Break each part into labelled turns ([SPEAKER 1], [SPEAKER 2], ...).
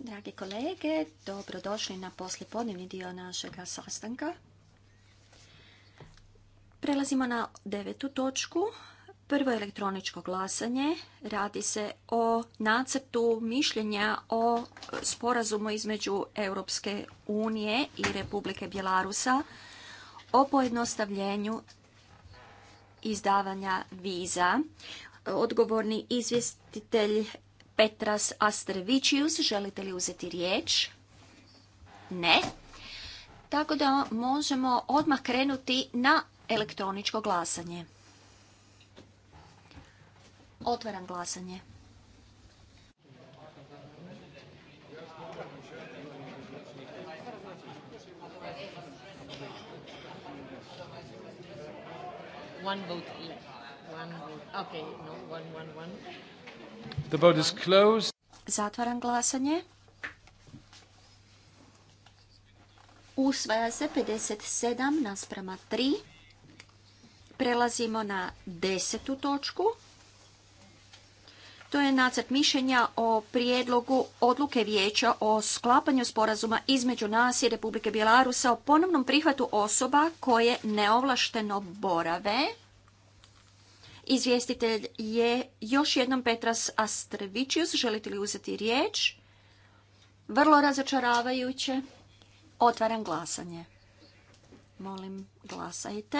[SPEAKER 1] Dragi kolege, dobrodošli na poslijepodnevni dio našeg sastanka. Prelazimo na devetu točku. Prvo elektroničko glasanje. Radi se o nacrtu mišljenja o sporazumu između Europske unije i Republike Bjelarusa o pojednostavljenju izdavanja viza odgovorni izvjestitelj Petras Astrevičius. Želite li uzeti riječ? Ne. Tako da možemo odmah krenuti na elektroničko glasanje. Otvaram glasanje. One vote Okay, Zatvaram glasanje. Usvaja se 57 nasprema 3. Prelazimo na desetu točku. To je nacrt mišljenja o prijedlogu odluke vijeća o sklapanju sporazuma između nas i Republike Bjelarusa o ponovnom prihvatu osoba koje neovlašteno borave Izvjestitelj je još jednom Petras Astrevičius. Želite li uzeti riječ? Vrlo razočaravajuće. Otvaram glasanje. Molim, glasajte.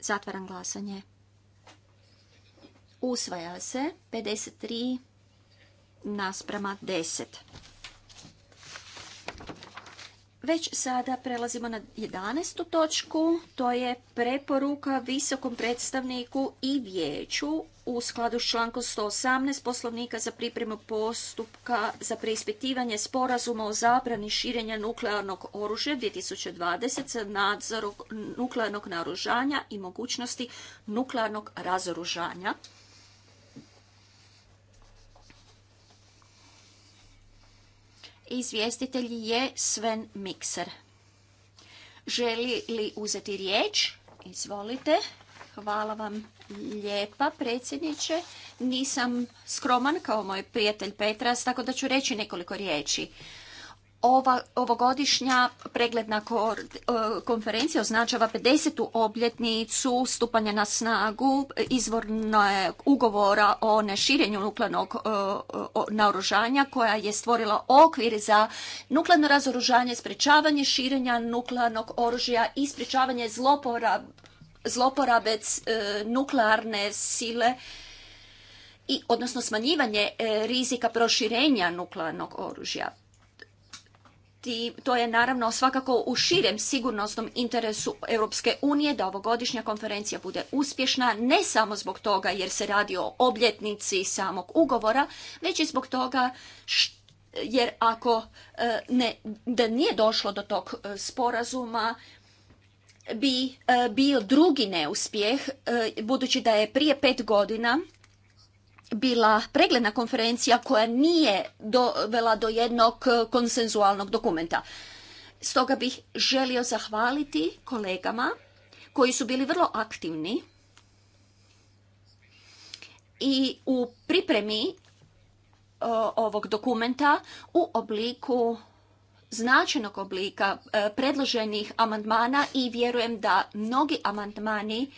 [SPEAKER 1] Zatvaram glasanje. Usvaja se 53 nasprama 10. Već sada prelazimo na 11. točku, to je preporuka visokom predstavniku i vijeću u skladu s člankom 118 poslovnika za pripremu postupka za preispitivanje sporazuma o zabrani širenja nuklearnog oružja 2020 sa nadzorom nuklearnog naružanja i mogućnosti nuklearnog razoružanja. Izvjestitelj je Sven Mikser. Želi li uzeti riječ? Izvolite. Hvala vam lijepa, predsjedniče. Nisam skroman kao moj prijatelj Petras, tako da ću reći nekoliko riječi. Ova ovogodišnja pregledna e, konferencija označava 50. obljetnicu stupanja na snagu izvornog ugovora o neširenju nuklearnog e, naoružanja koja je stvorila okvir za nuklearno razoružanje, sprečavanje širenja nuklearnog oružja i sprečavanje zloporabe e, nuklearne sile i odnosno smanjivanje rizika proširenja nuklearnog oružja i to je naravno svakako u širem sigurnosnom interesu Europske unije da ovogodišnja konferencija bude uspješna, ne samo zbog toga jer se radi o obljetnici samog ugovora, već i zbog toga jer ako e, ne, da nije došlo do tog e, sporazuma, bi e, bio drugi neuspjeh, budući da je prije pet godina bila pregledna konferencija koja nije dovela do jednog konsenzualnog dokumenta. Stoga bih želio zahvaliti kolegama koji su bili vrlo aktivni i u pripremi ovog dokumenta u obliku značajnog oblika e, predloženih amandmana i vjerujem da mnogi amandmani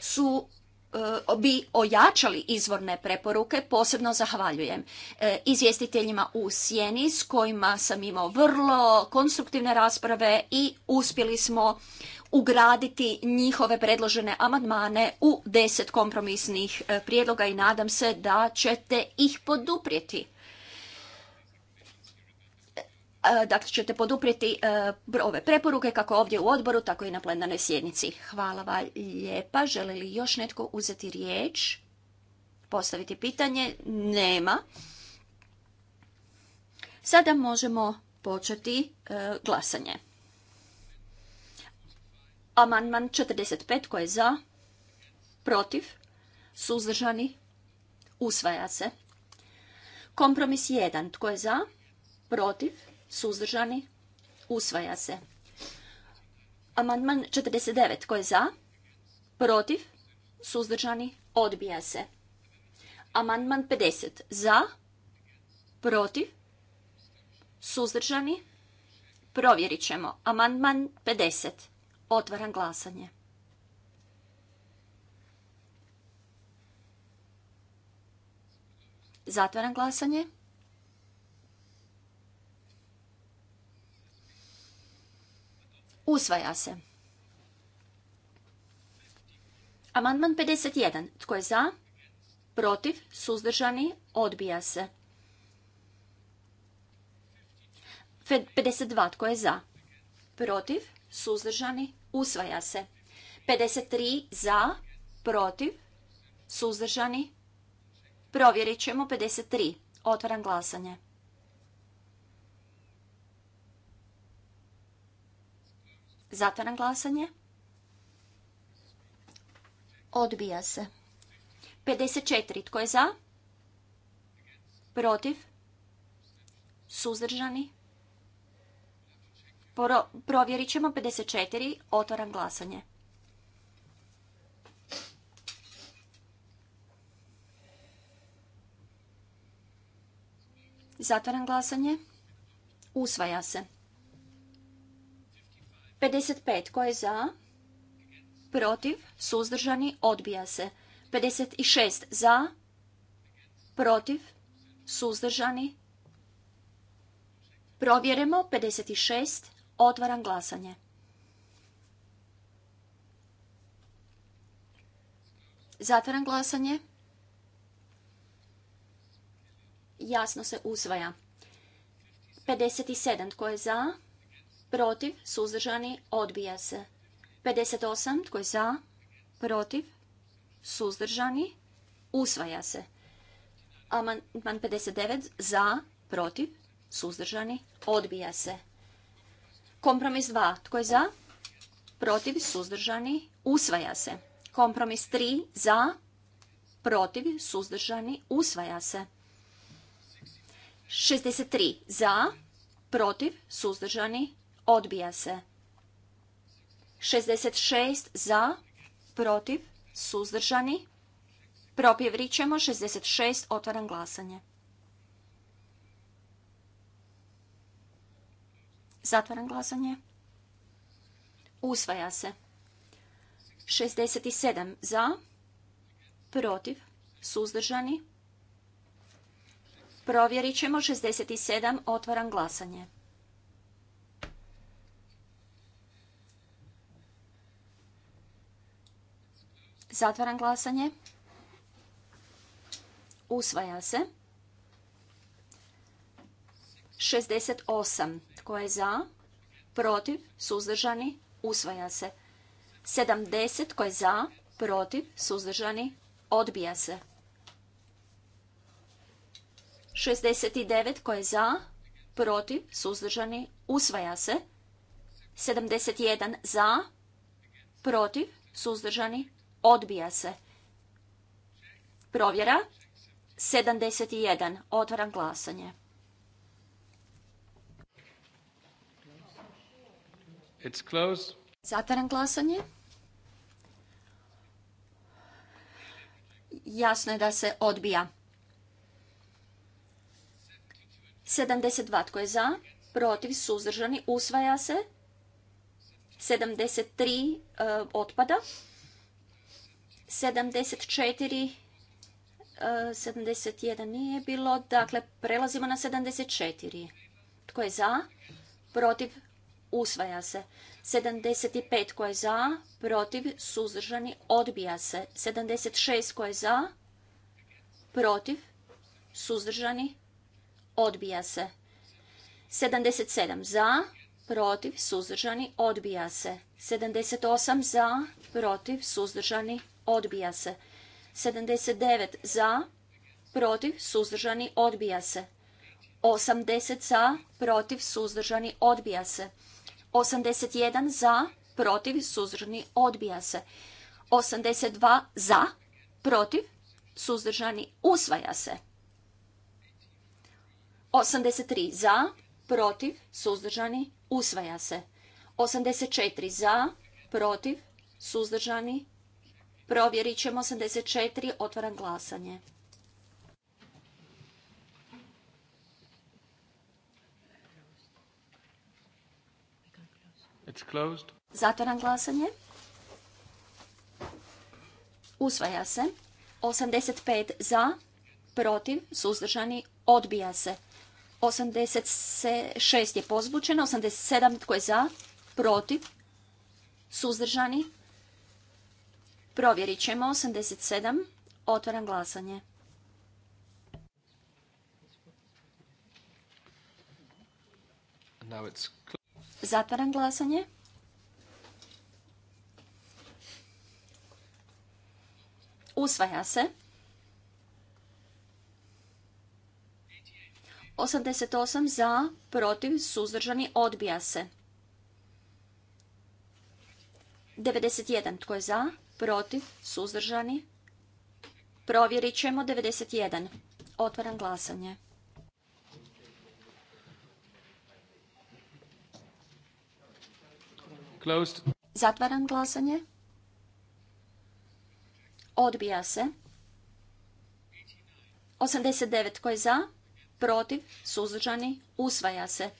[SPEAKER 1] su E, bi ojačali izvorne preporuke, posebno zahvaljujem e, izvjestiteljima u Sjeni s kojima sam imao vrlo konstruktivne rasprave i uspjeli smo ugraditi njihove predložene amandmane u deset kompromisnih e, prijedloga i nadam se da ćete ih poduprijeti. E, dakle ćete poduprijeti e, ove preporuke kako ovdje u odboru, tako i na plenarnoj sjednici. Hvala vam lijepa. Želi li još netko uzeti riječ? Postaviti pitanje? Nema. Sada možemo početi e, glasanje. Amandman 45 koji je za, protiv, suzdržani, usvaja se. Kompromis 1 tko je za, protiv, Suzdržani? Usvaja se. Amandman 49. Tko je za? Protiv? Suzdržani? Odbija se. Amandman 50. Za? Protiv? Suzdržani? Provjerit ćemo. Amandman 50. Otvaram glasanje. Zatvaram glasanje. Usvaja se. Amandman 51. Tko je za? Protiv? Suzdržani? Odbija se. 52. Tko je za? Protiv? Suzdržani? Usvaja se. 53. Za? Protiv? Suzdržani? Provjerit ćemo 53. Otvaram glasanje. Zatvaram glasanje. Odbija se. 54. Tko je za? Protiv? Suzdržani? provjerit ćemo 54. Otvaram glasanje. Zatvaram glasanje. Usvaja se. 55. Tko je za? Protiv? Suzdržani? Odbija se. 56. Za? Protiv? Suzdržani? Provjerimo. 56. Otvaram glasanje. Zatvaram glasanje. Jasno se usvaja. 57. Tko je za? protiv, suzdržani, odbija se. 58. Tko je za, protiv, suzdržani, usvaja se. Amandman 59. Za, protiv, suzdržani, odbija se. Kompromis 2. Tko je za, protiv, suzdržani, usvaja se. Kompromis 3. Za, protiv, suzdržani, usvaja se. 63. Za, protiv, suzdržani, Odbija se. 66 za, protiv, suzdržani. Provjerit ćemo 66, otvaram glasanje. Zatvaram glasanje. Usvaja se. 67 za, protiv, suzdržani. Provjerit ćemo 67, otvaram glasanje. Zatvaram glasanje. Usvaja se. 68. Tko je za? Protiv? Suzdržani? Usvaja se. 70. Tko je za? Protiv? Suzdržani? Odbija se. 69. Tko je za? Protiv? Suzdržani? Usvaja se. 71. Za? Protiv? Suzdržani? Odbija se. Provjera. 71. Otvaram glasanje. It's closed. Zatvaram glasanje. Jasno je da se odbija. 72. Tko je za? Protiv? Suzdržani? Usvaja se. 73. Eh, otpada. 74 71 eh, nije bilo, dakle prelazimo na 74. Tko je za? Protiv? Usvaja se. 75 tko je za? Protiv? Suzdržani? Odbija se. 76 tko je za? Protiv? Suzdržani? Odbija se. 77 za? Protiv? Suzdržani? Odbija se. 78 za? Protiv? Suzdržani? odbija se. 79 za, protiv, suzdržani, odbija se. 80 za, protiv, suzdržani, odbija se. 81 za, protiv, suzdržani, odbija se. 82 za, protiv, suzdržani, usvaja se. 83 za, protiv, suzdržani, usvaja se. 84 za, protiv, suzdržani, Provjerit ćemo 84. Otvaram glasanje. Zatvaram glasanje. Usvaja se. 85 za, protiv, suzdržani, odbija se. 86 je pozvučeno, 87 tko je za, protiv, suzdržani, Provjerit ćemo 87. Otvaram glasanje. Zatvaram glasanje. Usvaja se. 88 za, protiv, suzdržani, odbija se. 91. Tko je za? protiv, suzdržani. Provjerit ćemo 91. Otvaram glasanje. Closed. Zatvaram glasanje. Odbija se. 89 tko je za, protiv, suzdržani, usvaja se.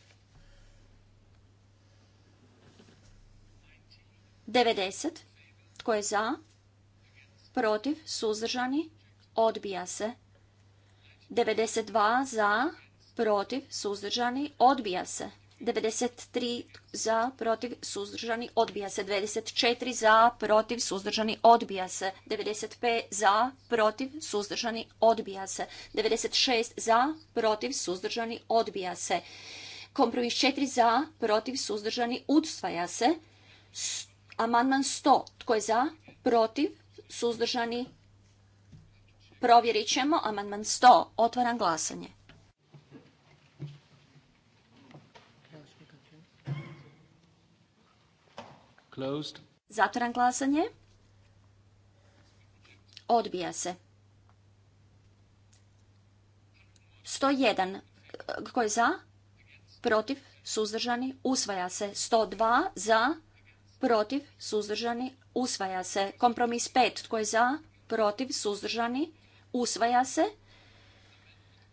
[SPEAKER 1] 90 tko je za? Protiv? Suzdržani? Odbija se. 92 za, protiv, suzdržani, odbija se. 93 za, protiv, suzdržani, odbija se. 94 za, protiv, suzdržani, odbija se. 95 za, protiv, suzdržani, odbija se. 96 za, protiv, suzdržani, odbija se. Kompromis 4 za, protiv, suzdržani, usvaja se. Amandman 100. Tko je za? Protiv? Suzdržani? Provjerit ćemo. Amandman 100. Otvaram glasanje. Zatvoram glasanje. Odbija se. 101. Tko je za? Protiv? Suzdržani? Usvaja se. 102. Za? protiv, suzdržani, usvaja se. Kompromis 5. Tko je za, protiv, suzdržani, usvaja se.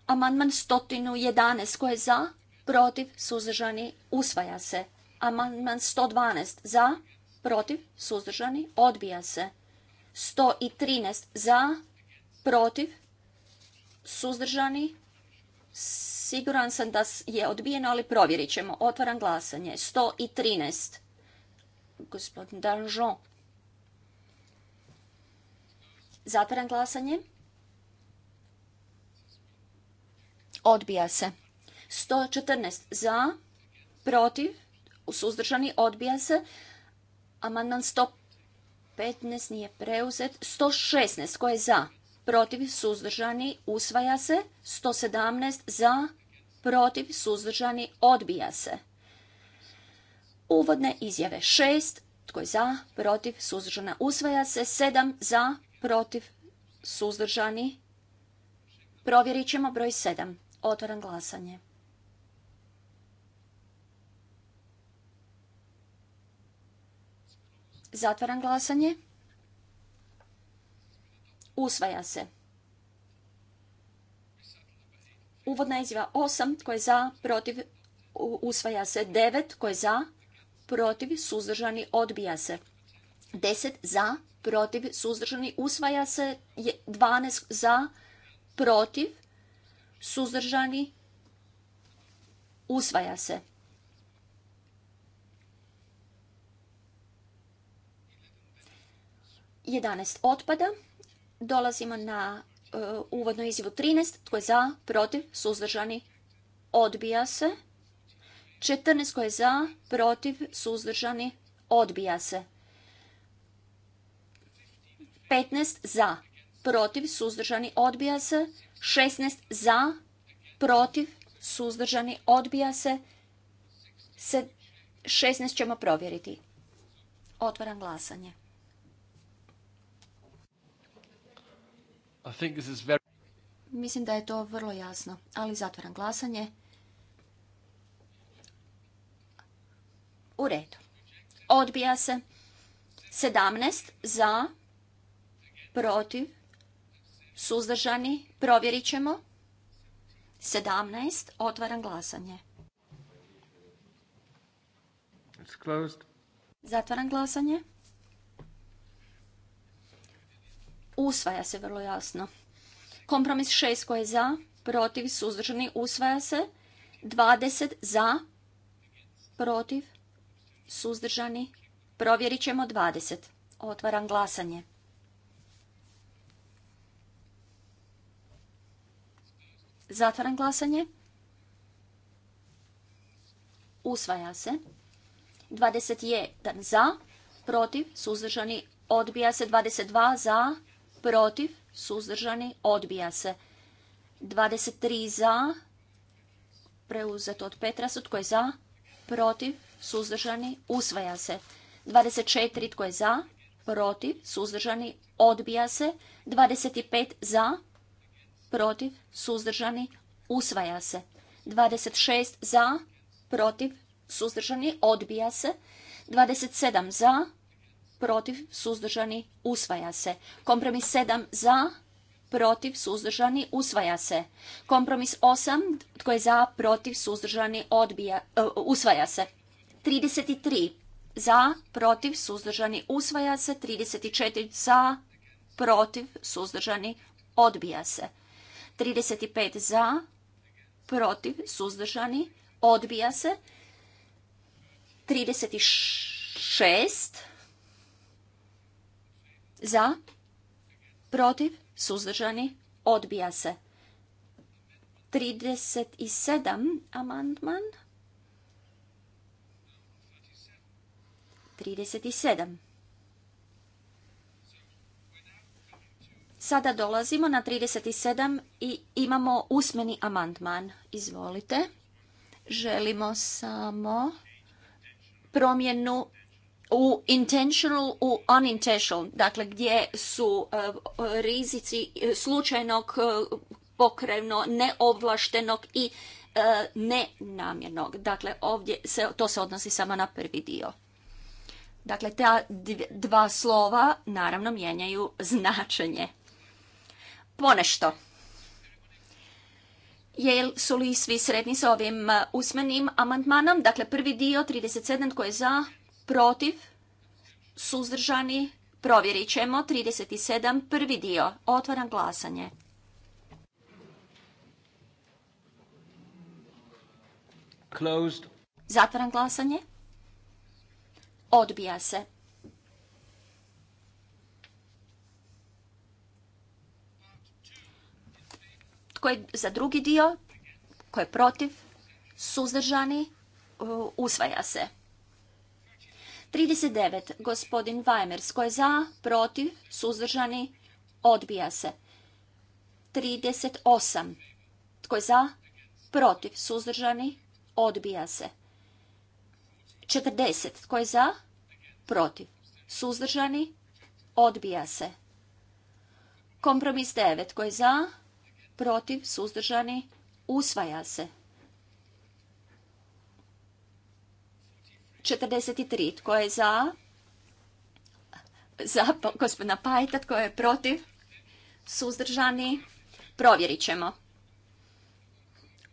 [SPEAKER 1] Amandman 111. Tko je za, protiv, suzdržani, usvaja se. Amandman 112. Za, protiv, suzdržani, odbija se. 113. Za, protiv, suzdržani, siguran sam da je odbijeno, ali provjerit ćemo. Otvaram glasanje. 113 gospodin Danžon. Zatvaram glasanje. Odbija se. 114 za, protiv, suzdržani, odbija se. Amandman 115 nije preuzet. 116 koje je za, protiv, suzdržani, usvaja se. 117 za, protiv, suzdržani, odbija se. Uvodne izjave 6, tko je za, protiv, suzdržana, usvaja se. 7 za, protiv, suzdržani. Provjerit ćemo broj 7. Otvaram glasanje. Zatvaram glasanje. Usvaja se. Uvodna izjava 8, tko je za, protiv, usvaja se 9, tko je za, protiv, suzdržani, odbija se. 10 za, protiv, suzdržani, usvaja se. 12 za, protiv, suzdržani, usvaja se. 11 otpada. Dolazimo na e, uvodno izjavu 13. Tko je za, protiv, suzdržani, odbija se. 14 koje za, protiv, suzdržani, odbija se. 15 za, protiv, suzdržani, odbija se. 16 za, protiv, suzdržani, odbija se. 16 ćemo provjeriti. Otvaram glasanje. Mislim da je to vrlo jasno, ali zatvaram glasanje. U redu. Odbija se. 17 za, protiv, suzdržani, provjerit ćemo. 17, otvaram glasanje. Zatvaram glasanje. Usvaja se vrlo jasno. Kompromis 6 koji je za, protiv, suzdržani, usvaja se. 20 za, protiv, suzdržani, provjerit ćemo 20. Otvaram glasanje. Zatvaram glasanje. Usvaja se. 21 za, protiv, suzdržani, odbija se. 22 za, protiv, suzdržani, odbija se. 23 za, preuzet od Petrasut, tko je za, protiv, suzdržani, usvaja se. 24 tko je za, protiv, suzdržani, odbija se. 25 za, protiv, suzdržani, usvaja se. 26 za, protiv, suzdržani, odbija se. 27 za, protiv, suzdržani, usvaja se. Kompromis 7 za, protiv, suzdržani, usvaja se. Kompromis 8, tko je za, protiv, suzdržani, odbija, e, usvaja se. 33 za, protiv, suzdržani, usvaja se. 34 za, protiv, suzdržani, odbija se. 35 za, protiv, suzdržani, odbija se. 36 za, protiv, suzdržani, odbija se. 37 amandman 37. Sada dolazimo na 37 i imamo usmeni amandman. Izvolite. Želimo samo promjenu u intentional, u unintentional, dakle gdje su e, rizici e, slučajnog, e, pokrevno, neovlaštenog i nenamjernog. Dakle, ovdje se, to se odnosi samo na prvi dio. Dakle, ta dva slova naravno mijenjaju značenje. Ponešto. Jel su li svi sredni sa ovim uh, usmenim amandmanom? Dakle, prvi dio 37 koji je za, protiv, suzdržani, provjerit ćemo 37 prvi dio. Otvaram glasanje. Zatvaram glasanje. Odbija se. Tko je za drugi dio? Tko je protiv? Suzdržani? Usvaja se. 39. Gospodin Weimers, Tko je za? Protiv? Suzdržani? Odbija se. 38. Tko je za? Protiv? Suzdržani? Odbija se. 40. Tko je za? Protiv. Suzdržani? Odbija se. Kompromis 9. Tko je za? Protiv. Suzdržani? Usvaja se. 43. Tko je za? Za gospodina Pajta. Tko je protiv? Suzdržani? Provjerit ćemo.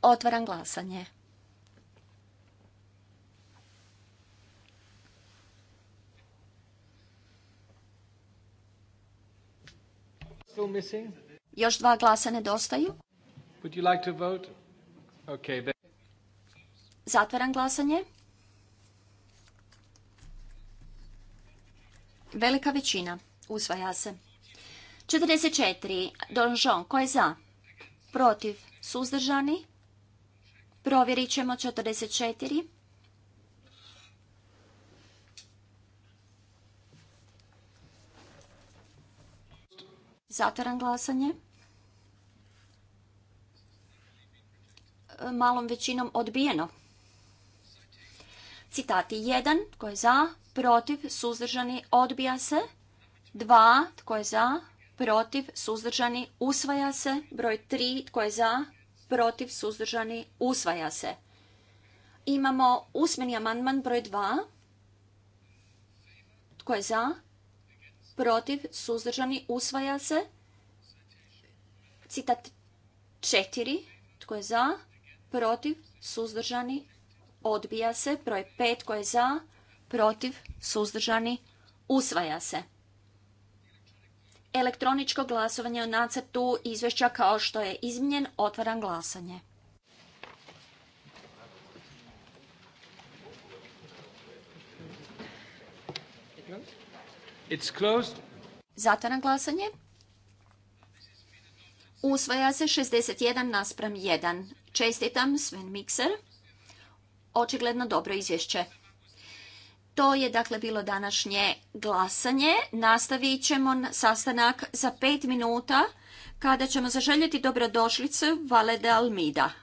[SPEAKER 1] Otvaram glasanje. Još dva glasa nedostaju. Zatvaram glasanje. Velika većina. Usvaja se. 44. Donžon. Ko je za? Protiv. Suzdržani. Provjerit ćemo 44. Zatvaram glasanje. E, malom većinom odbijeno. Citati 1. Tko je za? Protiv. Suzdržani. Odbija se. 2. Tko je za? Protiv. Suzdržani. Usvaja se. Broj 3. Tko je za? Protiv. Suzdržani. Usvaja se. Imamo usmeni amandman broj 2. Tko je za? protiv, suzdržani, usvaja se. Citat četiri, tko je za, protiv, suzdržani, odbija se. Broj pet, tko je za, protiv, suzdržani, usvaja se. Elektroničko glasovanje o nacrtu izvješća kao što je izmijenjen, otvaram glasanje. It's Zatvaram glasanje. Usvaja se 61 naspram 1. Čestitam Sven Mikser. Očigledno dobro izvješće. To je dakle bilo današnje glasanje. Nastavit ćemo sastanak za pet minuta kada ćemo zaželjeti dobrodošlicu Valede Almida.